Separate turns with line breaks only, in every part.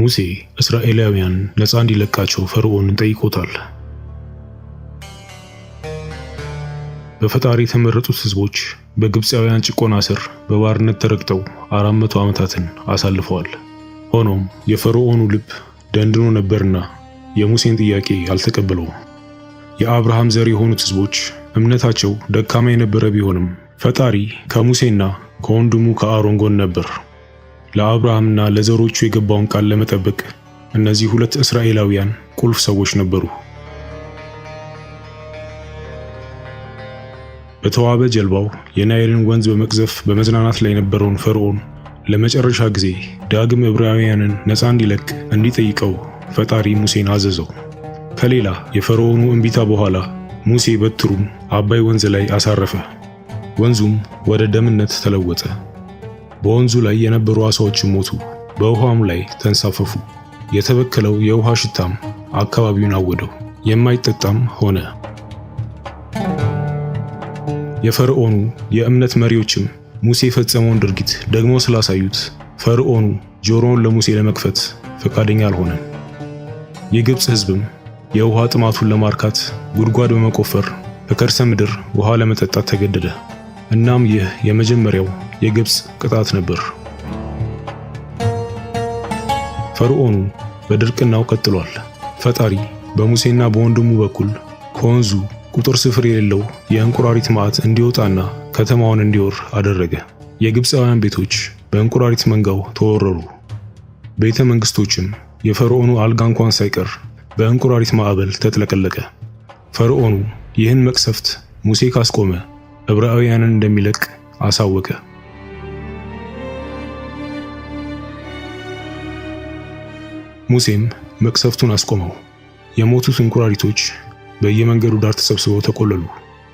ሙሴ እስራኤላውያን ነፃ እንዲለቃቸው ፈርዖንን ጠይቆታል። በፈጣሪ የተመረጡት ሕዝቦች በግብፃውያን ጭቆና ስር በባርነት ተረግጠው አራት መቶ ዓመታትን አሳልፈዋል። ሆኖም የፈርዖኑ ልብ ደንድኖ ነበርና የሙሴን ጥያቄ አልተቀበለውም። የአብርሃም ዘር የሆኑት ሕዝቦች እምነታቸው ደካማ የነበረ ቢሆንም ፈጣሪ ከሙሴና ከወንድሙ ከአሮን ጎን ነበር። ለአብርሃምና ለዘሮቹ የገባውን ቃል ለመጠበቅ እነዚህ ሁለት እስራኤላውያን ቁልፍ ሰዎች ነበሩ። በተዋበ ጀልባው የናይልን ወንዝ በመቅዘፍ በመዝናናት ላይ የነበረውን ፈርዖን ለመጨረሻ ጊዜ ዳግም ዕብራውያንን ነፃ እንዲለቅ እንዲጠይቀው ፈጣሪ ሙሴን አዘዘው። ከሌላ የፈርዖኑ እንቢታ በኋላ ሙሴ በትሩን አባይ ወንዝ ላይ አሳረፈ። ወንዙም ወደ ደምነት ተለወጠ። በወንዙ ላይ የነበሩ ዓሳዎች ሞቱ፣ በውሃም ላይ ተንሳፈፉ። የተበከለው የውሃ ሽታም አካባቢውን አወደው፣ የማይጠጣም ሆነ። የፈርዖኑ የእምነት መሪዎችም ሙሴ የፈጸመውን ድርጊት ደግሞ ስላሳዩት ፈርዖኑ ጆሮውን ለሙሴ ለመክፈት ፈቃደኛ አልሆነም። የግብፅ ሕዝብም የውሃ ጥማቱን ለማርካት ጉድጓድ በመቆፈር በከርሰ ምድር ውሃ ለመጠጣት ተገደደ። እናም ይህ የመጀመሪያው የግብፅ ቅጣት ነበር። ፈርዖኑ በድርቅናው ቀጥሏል። ፈጣሪ በሙሴና በወንድሙ በኩል ከወንዙ ቁጥር ስፍር የሌለው የእንቁራሪት መዓት እንዲወጣና ከተማውን እንዲወር አደረገ። የግብፃውያን ቤቶች በእንቁራሪት መንጋው ተወረሩ። ቤተ መንግስቶችም የፈርዖኑ አልጋ እንኳን ሳይቀር በእንቁራሪት ማዕበል ተጥለቀለቀ። ፈርዖኑ ይህን መቅሰፍት ሙሴ ካስቆመ ዕብራውያንን እንደሚለቅ አሳወቀ። ሙሴም መቅሰፍቱን አስቆመው። የሞቱት እንቁራሪቶች በየመንገዱ ዳር ተሰብስበው ተቆለሉ።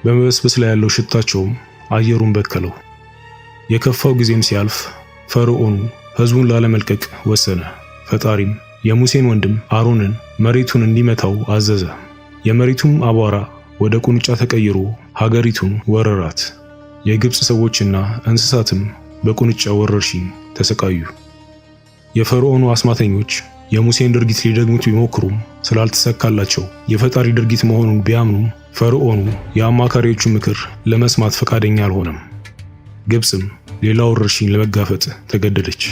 በመበስበስ ላይ ያለው ሽታቸውም አየሩን በከለው። የከፋው ጊዜም ሲያልፍ ፈርዖኑ ሕዝቡን ላለመልቀቅ ወሰነ። ፈጣሪም የሙሴን ወንድም አሮንን መሬቱን እንዲመታው አዘዘ። የመሬቱም አቧራ ወደ ቁንጫ ተቀይሮ ሀገሪቱን ወረራት። የግብፅ ሰዎችና እንስሳትም በቁንጫ ወረርሽኝ ተሰቃዩ። የፈርዖኑ አስማተኞች የሙሴን ድርጊት ሊደግሙት ቢሞክሩም ስላልተሰካላቸው የፈጣሪ ድርጊት መሆኑን ቢያምኑም ፈርዖኑ የአማካሪዎቹ ምክር ለመስማት ፈቃደኛ አልሆነም። ግብፅም ሌላ ወረርሽኝ ለመጋፈጥ ተገደደች።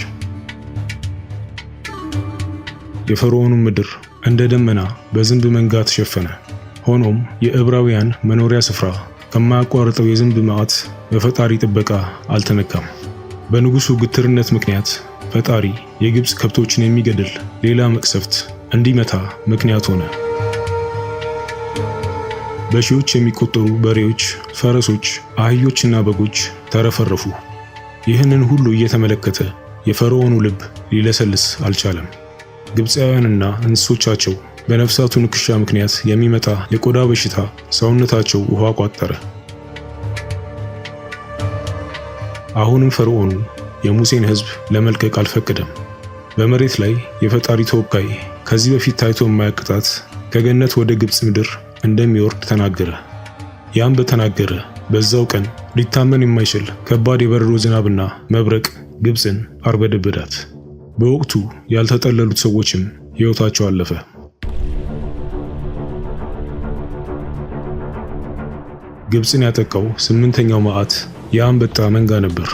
የፈርዖኑ ምድር እንደ ደመና በዝንብ መንጋ ተሸፈነ። ሆኖም የዕብራውያን መኖሪያ ስፍራ ከማያቋርጠው የዝንብ መዓት በፈጣሪ ጥበቃ አልተነካም። በንጉሡ ግትርነት ምክንያት ፈጣሪ የግብፅ ከብቶችን የሚገድል ሌላ መቅሰፍት እንዲመታ ምክንያት ሆነ። በሺዎች የሚቆጠሩ በሬዎች፣ ፈረሶች፣ አህዮችና በጎች ተረፈረፉ። ይህንን ሁሉ እየተመለከተ የፈርዖኑ ልብ ሊለሰልስ አልቻለም። ግብፃውያንና እንስሶቻቸው በነፍሳቱ ንክሻ ምክንያት የሚመጣ የቆዳ በሽታ ሰውነታቸው ውሃ ቋጠረ። አሁንም ፈርዖን የሙሴን ሕዝብ ለመልቀቅ አልፈቀደም። በመሬት ላይ የፈጣሪ ተወካይ ከዚህ በፊት ታይቶ የማያውቅ ቅጣት ከገነት ወደ ግብፅ ምድር እንደሚወርድ ተናገረ። ያም በተናገረ በዛው ቀን ሊታመን የማይችል ከባድ የበረዶ ዝናብና መብረቅ ግብፅን አርበደበዳት። በወቅቱ ያልተጠለሉት ሰዎችም ሕይወታቸው አለፈ። ግብፅን ያጠቃው ስምንተኛው መዓት የአንበጣ መንጋ ነበር።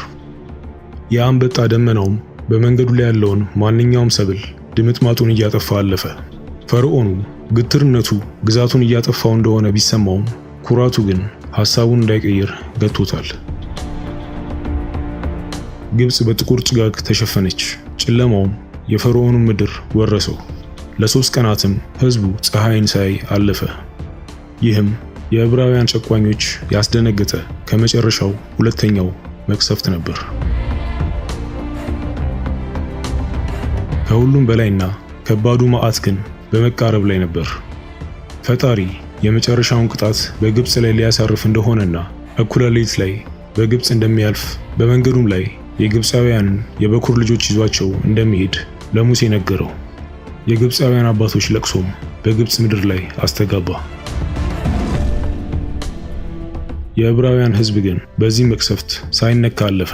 የአንበጣ ደመናውም በመንገዱ ላይ ያለውን ማንኛውም ሰብል ድምጥማጡን እያጠፋ አለፈ። ፈርዖኑ ግትርነቱ ግዛቱን እያጠፋው እንደሆነ ቢሰማውም ኩራቱ ግን ሐሳቡን እንዳይቀይር ገጥቶታል። ግብፅ በጥቁር ጭጋግ ተሸፈነች። ጨለማውም የፈርዖኑን ምድር ወረሰው። ለሶስት ቀናትም ሕዝቡ ፀሐይን ሳይ አለፈ። ይህም የዕብራውያን ጨቋኞች ያስደነገጠ ከመጨረሻው ሁለተኛው መቅሰፍት ነበር። ከሁሉም በላይና ከባዱ መዓት ግን በመቃረብ ላይ ነበር። ፈጣሪ የመጨረሻውን ቅጣት በግብፅ ላይ ሊያሳርፍ እንደሆነና እኩለ ሌሊት ላይ በግብፅ እንደሚያልፍ በመንገዱም ላይ የግብፃውያንን የበኩር ልጆች ይዟቸው እንደሚሄድ ለሙሴ ነገረው። የግብፃውያን አባቶች ለቅሶም በግብፅ ምድር ላይ አስተጋባ። የዕብራውያን ሕዝብ ግን በዚህ መቅሰፍት ሳይነካ አለፈ።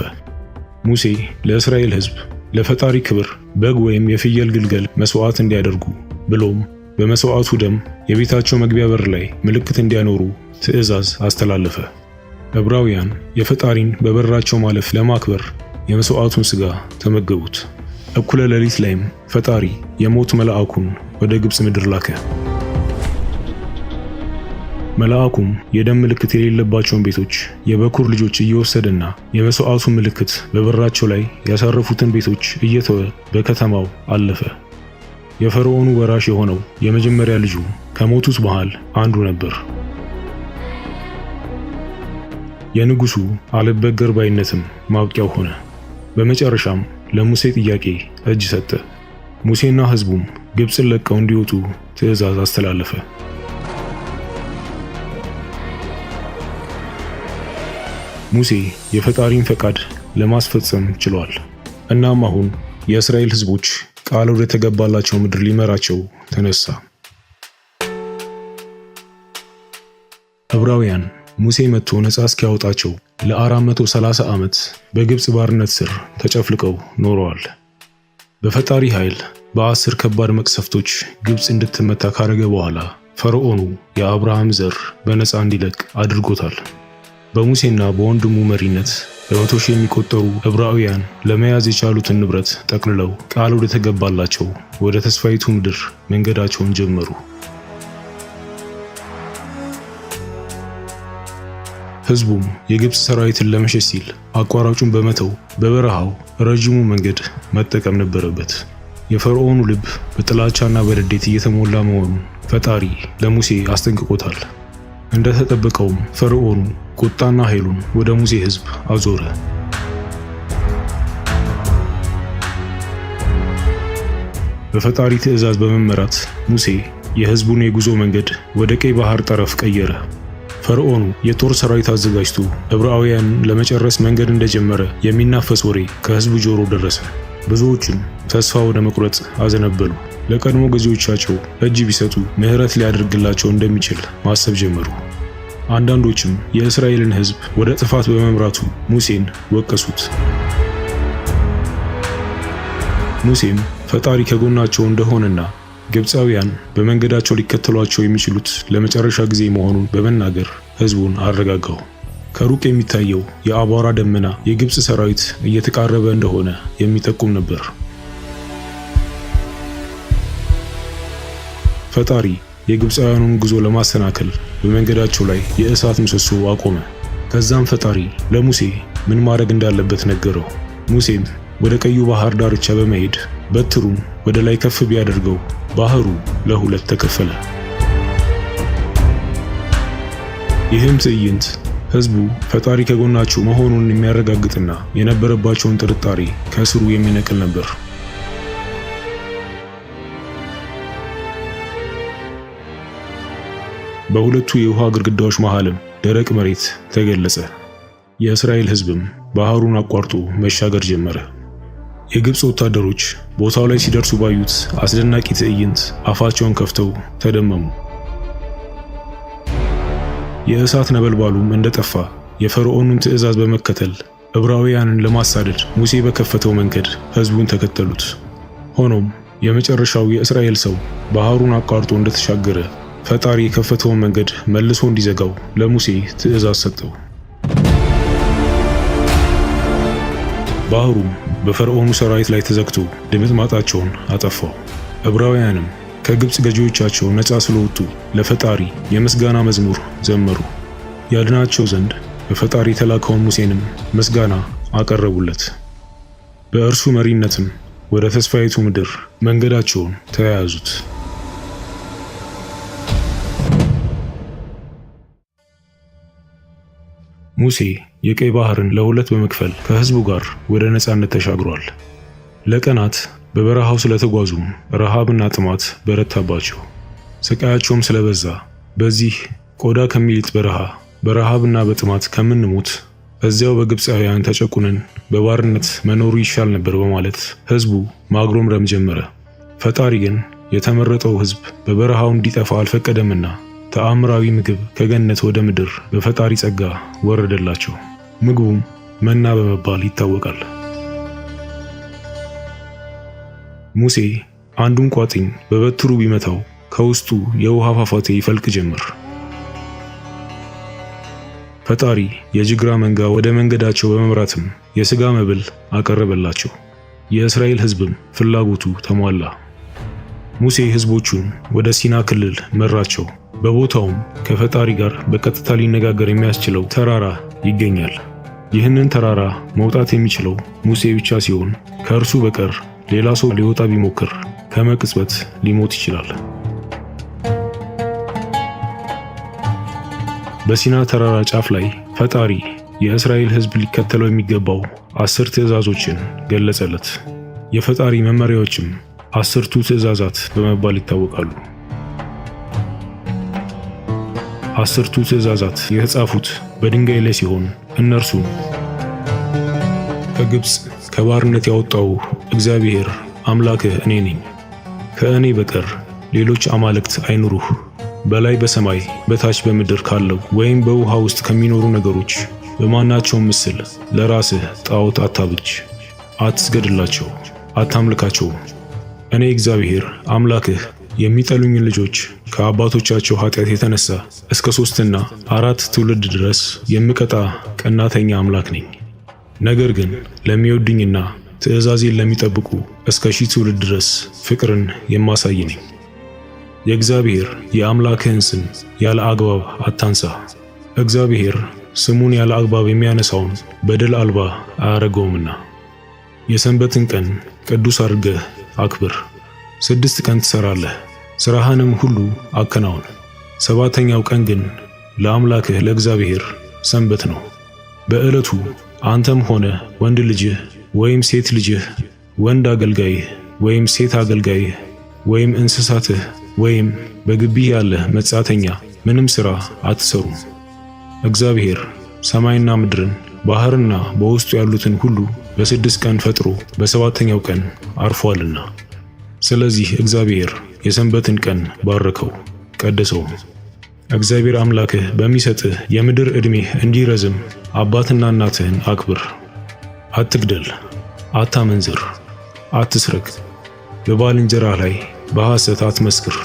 ሙሴ ለእስራኤል ሕዝብ ለፈጣሪ ክብር በግ ወይም የፍየል ግልገል መስዋዕት እንዲያደርጉ ብሎም በመስዋዕቱ ደም የቤታቸው መግቢያ በር ላይ ምልክት እንዲያኖሩ ትእዛዝ አስተላለፈ። ዕብራውያን የፈጣሪን በበራቸው ማለፍ ለማክበር የመስዋዕቱን ሥጋ ተመገቡት። እኩለ ሌሊት ላይም ፈጣሪ የሞት መልአኩን ወደ ግብፅ ምድር ላከ። መልአኩም የደም ምልክት የሌለባቸውን ቤቶች የበኩር ልጆች እየወሰደና የመሥዋዕቱ ምልክት በበራቸው ላይ ያሳረፉትን ቤቶች እየተወ በከተማው አለፈ። የፈርዖኑ ወራሽ የሆነው የመጀመሪያ ልጁ ከሞቱት መሃል አንዱ ነበር። የንጉሡ አልበገር ባይነትም ማብቂያው ሆነ። በመጨረሻም ለሙሴ ጥያቄ እጅ ሰጠ። ሙሴና ሕዝቡም ግብፅን ለቀው እንዲወጡ ትእዛዝ አስተላለፈ። ሙሴ የፈጣሪን ፈቃድ ለማስፈጸም ችሏል። እናም አሁን የእስራኤል ሕዝቦች ቃል ወደ ተገባላቸው ምድር ሊመራቸው ተነሳ። ዕብራውያን ሙሴ መጥቶ ነፃ እስኪያወጣቸው ለ430 ዓመት በግብፅ ባርነት ስር ተጨፍልቀው ኖረዋል። በፈጣሪ ኃይል በአስር ከባድ መቅሰፍቶች ግብፅ እንድትመታ ካረገ በኋላ ፈርዖኑ የአብርሃም ዘር በነፃ እንዲለቅ አድርጎታል። በሙሴና በወንድሙ መሪነት በመቶ ሺህ የሚቆጠሩ ዕብራውያን ለመያዝ የቻሉትን ንብረት ጠቅልለው ቃል ወደ ተገባላቸው ወደ ተስፋይቱ ምድር መንገዳቸውን ጀመሩ። ሕዝቡም የግብፅ ሰራዊትን ለመሸሽ ሲል አቋራጩን በመተው በበረሃው ረዥሙ መንገድ መጠቀም ነበረበት። የፈርዖኑ ልብ በጥላቻና በንዴት እየተሞላ መሆኑን ፈጣሪ ለሙሴ አስጠንቅቆታል። እንደተጠበቀውም ፈርዖኑ ቁጣና ኃይሉን ወደ ሙሴ ሕዝብ አዞረ። በፈጣሪ ትእዛዝ በመመራት ሙሴ የሕዝቡን የጉዞ መንገድ ወደ ቀይ ባህር ጠረፍ ቀየረ። ፈርዖኑ የጦር ሰራዊት አዘጋጅቶ ዕብራውያን ለመጨረስ መንገድ እንደጀመረ የሚናፈስ ወሬ ከሕዝቡ ጆሮ ደረሰ። ብዙዎችም ተስፋ ወደ መቁረጥ አዘነበሉ። ለቀድሞ ገዢዎቻቸው እጅ ቢሰጡ ምህረት ሊያደርግላቸው እንደሚችል ማሰብ ጀመሩ። አንዳንዶችም የእስራኤልን ሕዝብ ወደ ጥፋት በመምራቱ ሙሴን ወቀሱት። ሙሴም ፈጣሪ ከጎናቸው እንደሆነና ግብፃውያን በመንገዳቸው ሊከተሏቸው የሚችሉት ለመጨረሻ ጊዜ መሆኑን በመናገር ሕዝቡን አረጋጋው። ከሩቅ የሚታየው የአቧራ ደመና የግብፅ ሰራዊት እየተቃረበ እንደሆነ የሚጠቁም ነበር። ፈጣሪ የግብፃውያኑን ጉዞ ለማሰናከል በመንገዳቸው ላይ የእሳት ምሰሶ አቆመ። ከዛም ፈጣሪ ለሙሴ ምን ማድረግ እንዳለበት ነገረው። ሙሴም ወደ ቀዩ ባህር ዳርቻ በመሄድ በትሩን ወደ ላይ ከፍ ቢያደርገው ባህሩ ለሁለት ተከፈለ። ይህም ትዕይንት ሕዝቡ ፈጣሪ ከጎናቸው መሆኑን የሚያረጋግጥና የነበረባቸውን ጥርጣሬ ከስሩ የሚነቅል ነበር። በሁለቱ የውሃ ግድግዳዎች መሃልም ደረቅ መሬት ተገለጸ። የእስራኤል ሕዝብም ባህሩን አቋርጦ መሻገር ጀመረ። የግብፅ ወታደሮች ቦታው ላይ ሲደርሱ ባዩት አስደናቂ ትዕይንት አፋቸውን ከፍተው ተደመሙ። የእሳት ነበልባሉም እንደጠፋ የፈርዖኑን ትዕዛዝ በመከተል ዕብራውያንን ለማሳደድ ሙሴ በከፈተው መንገድ ሕዝቡን ተከተሉት። ሆኖም የመጨረሻው የእስራኤል ሰው ባህሩን አቋርጦ እንደተሻገረ ፈጣሪ የከፈተውን መንገድ መልሶ እንዲዘጋው ለሙሴ ትእዛዝ ሰጠው። ባህሩም በፈርዖኑ ሰራዊት ላይ ተዘግቶ ድምጥማጣቸውን አጠፋው። ዕብራውያንም ከግብፅ ገዢዎቻቸው ነፃ ስለወጡ ለፈጣሪ የምስጋና መዝሙር ዘመሩ። ያድናቸው ዘንድ በፈጣሪ የተላከውን ሙሴንም ምስጋና አቀረቡለት። በእርሱ መሪነትም ወደ ተስፋይቱ ምድር መንገዳቸውን ተያያዙት። ሙሴ የቀይ ባህርን ለሁለት በመክፈል ከህዝቡ ጋር ወደ ነፃነት ተሻግሯል። ለቀናት በበረሃው ስለተጓዙም ረሃብና ጥማት በረታባቸው። ስቃያቸውም ስለበዛ በዚህ ቆዳ ከሚልጥ በረሃ በረሃብና በጥማት ከምንሞት እዚያው በግብፃውያን ተጨቁነን በባርነት መኖሩ ይሻል ነበር በማለት ህዝቡ ማግሮምረም ጀመረ። ፈጣሪ ግን የተመረጠው ህዝብ በበረሃው እንዲጠፋ አልፈቀደምና ተአምራዊ ምግብ ከገነት ወደ ምድር በፈጣሪ ጸጋ ወረደላቸው። ምግቡም መና በመባል ይታወቃል። ሙሴ አንዱን ቋጥኝ በበትሩ ቢመታው ከውስጡ የውሃ ፏፏቴ ይፈልቅ ጀመር። ፈጣሪ የጅግራ መንጋ ወደ መንገዳቸው በመምራትም የሥጋ መብል አቀረበላቸው። የእስራኤል ሕዝብም ፍላጎቱ ተሟላ። ሙሴ ህዝቦቹን ወደ ሲና ክልል መራቸው። በቦታውም ከፈጣሪ ጋር በቀጥታ ሊነጋገር የሚያስችለው ተራራ ይገኛል። ይህንን ተራራ መውጣት የሚችለው ሙሴ ብቻ ሲሆን ከእርሱ በቀር ሌላ ሰው ሊወጣ ቢሞክር ከመቅጽበት ሊሞት ይችላል። በሲና ተራራ ጫፍ ላይ ፈጣሪ የእስራኤል ህዝብ ሊከተለው የሚገባው አስር ትእዛዞችን ገለጸለት። የፈጣሪ መመሪያዎችም አስርቱ ትእዛዛት በመባል ይታወቃሉ። አስርቱ ትእዛዛት የተጻፉት በድንጋይ ላይ ሲሆን እነርሱም ከግብፅ ከባርነት ያወጣው እግዚአብሔር አምላክህ እኔ ነኝ። ከእኔ በቀር ሌሎች አማልክት አይኑሩህ። በላይ በሰማይ በታች በምድር ካለው ወይም በውሃ ውስጥ ከሚኖሩ ነገሮች በማናቸውም ምስል ለራስህ ጣዖት አታብጅ፣ አትስገድላቸው፣ አታምልካቸውም። እኔ እግዚአብሔር አምላክህ የሚጠሉኝን ልጆች ከአባቶቻቸው ኃጢአት የተነሳ እስከ ሦስትና አራት ትውልድ ድረስ የምቀጣ ቀናተኛ አምላክ ነኝ። ነገር ግን ለሚወዱኝና ትእዛዜን ለሚጠብቁ እስከ ሺህ ትውልድ ድረስ ፍቅርን የማሳይ ነኝ። የእግዚአብሔር የአምላክህን ስም ያለ አግባብ አታንሳ። እግዚአብሔር ስሙን ያለ አግባብ የሚያነሳውን በደል አልባ አያደርገውምና የሰንበትን ቀን ቅዱስ አድርገህ አክብር። ስድስት ቀን ትሰራለህ፣ ስራህንም ሁሉ አከናውን። ሰባተኛው ቀን ግን ለአምላክህ ለእግዚአብሔር ሰንበት ነው። በዕለቱ አንተም ሆነ ወንድ ልጅህ ወይም ሴት ልጅህ፣ ወንድ አገልጋይህ ወይም ሴት አገልጋይህ፣ ወይም እንስሳትህ ወይም በግቢህ ያለህ መጻተኛ ምንም ሥራ አትሰሩም። እግዚአብሔር ሰማይና ምድርን ባህርና በውስጡ ያሉትን ሁሉ በስድስት ቀን ፈጥሮ በሰባተኛው ቀን አርፏልና፣ ስለዚህ እግዚአብሔር የሰንበትን ቀን ባረከው ቀደሰውም። እግዚአብሔር አምላክህ በሚሰጥህ የምድር ዕድሜህ እንዲረዝም አባትና እናትህን አክብር። አትግደል፣ አታመንዝር፣ አትስረቅ፣ በባልንጀራህ ላይ በሐሰት አትመስክር፣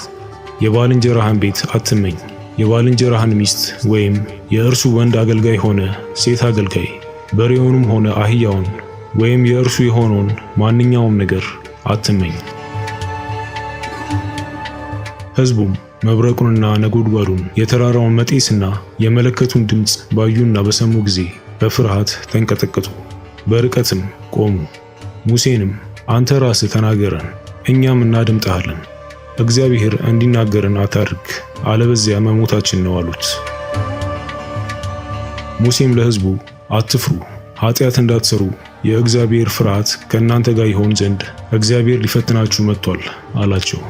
የባልንጀራህን ቤት አትመኝ፣ የባልንጀራህን ሚስት ወይም የእርሱ ወንድ አገልጋይ ሆነ ሴት አገልጋይ በሬውንም ሆነ አህያውን ወይም የእርሱ የሆነውን ማንኛውም ነገር አትመኝ። ሕዝቡም መብረቁንና ነጎድጓዱን የተራራውን መጤስና የመለከቱን ድምፅ ባዩና በሰሙ ጊዜ በፍርሃት ተንቀጠቀጡ፣ በርቀትም ቆሙ። ሙሴንም አንተ ራስህ ተናገረን፣ እኛም እናደምጥሃለን። እግዚአብሔር እንዲናገረን አታድርግ፣ አለበዚያ መሞታችን ነው አሉት። ሙሴም ለሕዝቡ አትፍሩ፣ ኃጢአት እንዳትሰሩ የእግዚአብሔር ፍርሃት ከእናንተ ጋር ይሆን ዘንድ እግዚአብሔር ሊፈትናችሁ መጥቷል አላቸው።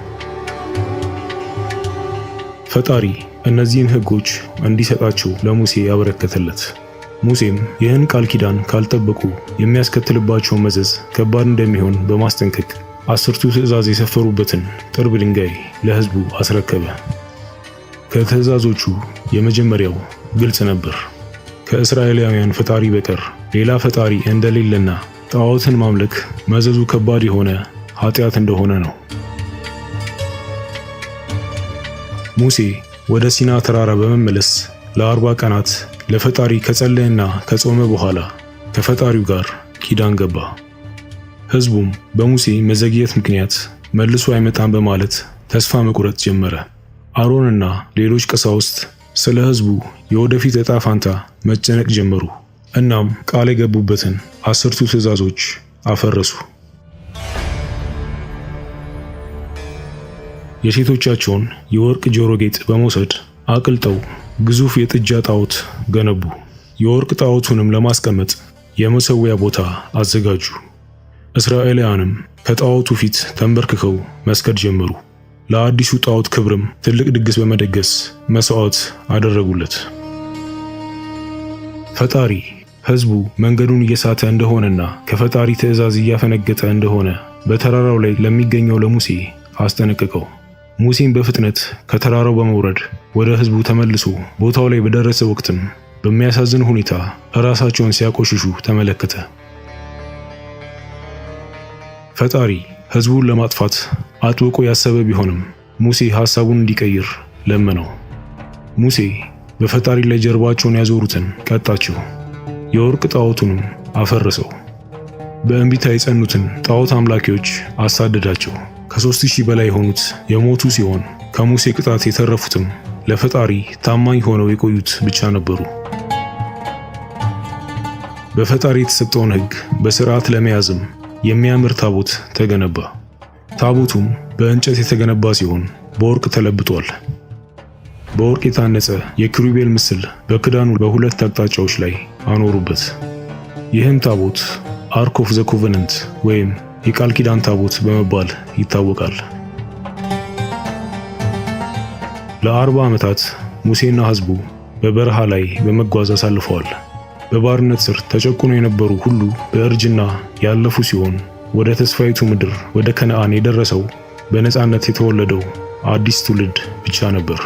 ፈጣሪ እነዚህን ሕጎች እንዲሰጣቸው ለሙሴ ያበረከተለት። ሙሴም ይህን ቃል ኪዳን ካልጠበቁ የሚያስከትልባቸው መዘዝ ከባድ እንደሚሆን በማስጠንቀቅ አስርቱ ትእዛዝ የሰፈሩበትን ጥርብ ድንጋይ ለሕዝቡ አስረከበ። ከትእዛዞቹ የመጀመሪያው ግልጽ ነበር። ከእስራኤላውያን ፈጣሪ በቀር ሌላ ፈጣሪ እንደሌለና ጣዖትን ማምለክ መዘዙ ከባድ የሆነ ኃጢአት እንደሆነ ነው። ሙሴ ወደ ሲና ተራራ በመመለስ ለአርባ ቀናት ለፈጣሪ ከጸለየና ከጾመ በኋላ ከፈጣሪው ጋር ኪዳን ገባ። ሕዝቡም በሙሴ መዘግየት ምክንያት መልሶ አይመጣም በማለት ተስፋ መቁረጥ ጀመረ። አሮንና ሌሎች ቀሳውስት ስለ ህዝቡ የወደፊት እጣ ፋንታ መጨነቅ ጀመሩ። እናም ቃል የገቡበትን አስርቱ ትዕዛዞች አፈረሱ። የሴቶቻቸውን የወርቅ ጆሮ ጌጥ በመውሰድ አቅልጠው ግዙፍ የጥጃ ጣዖት ገነቡ። የወርቅ ጣዖቱንም ለማስቀመጥ የመሰዊያ ቦታ አዘጋጁ። እስራኤላውያንም ከጣዖቱ ፊት ተንበርክከው መስገድ ጀመሩ። ለአዲሱ ጣዖት ክብርም ትልቅ ድግስ በመደገስ መስዋዕት አደረጉለት። ፈጣሪ ሕዝቡ መንገዱን እየሳተ እንደሆነና ከፈጣሪ ትእዛዝ እያፈነገጠ እንደሆነ በተራራው ላይ ለሚገኘው ለሙሴ አስጠነቅቀው። ሙሴም በፍጥነት ከተራራው በመውረድ ወደ ሕዝቡ ተመልሶ ቦታው ላይ በደረሰ ወቅትም በሚያሳዝን ሁኔታ ራሳቸውን ሲያቆሽሹ ተመለከተ። ፈጣሪ ህዝቡን ለማጥፋት አጥብቆ ያሰበ ቢሆንም ሙሴ ሐሳቡን እንዲቀይር ለመነው። ሙሴ በፈጣሪ ላይ ጀርባቸውን ያዞሩትን ቀጣቸው፣ የወርቅ ጣዖቱንም አፈረሰው። በእንቢታ የጸኑትን ጣዖት አምላኪዎች አሳደዳቸው። ከሦስት ሺህ በላይ የሆኑት የሞቱ ሲሆን ከሙሴ ቅጣት የተረፉትም ለፈጣሪ ታማኝ ሆነው የቆዩት ብቻ ነበሩ። በፈጣሪ የተሰጠውን ሕግ በሥርዓት ለመያዝም የሚያምር ታቦት ተገነባ። ታቦቱም በእንጨት የተገነባ ሲሆን በወርቅ ተለብጧል። በወርቅ የታነጸ የኪሩቤል ምስል በክዳኑ በሁለት አቅጣጫዎች ላይ አኖሩበት። ይህም ታቦት አርክ ኦፍ ዘ ኮቨነንት ወይም የቃል ኪዳን ታቦት በመባል ይታወቃል። ለአርባ ዓመታት ሙሴና ሕዝቡ በበረሃ ላይ በመጓዝ አሳልፈዋል። በባርነት ስር ተጨቁኖ የነበሩ ሁሉ በእርጅና ያለፉ ሲሆን ወደ ተስፋይቱ ምድር ወደ ከነዓን የደረሰው በነፃነት የተወለደው አዲስ ትውልድ ብቻ ነበር።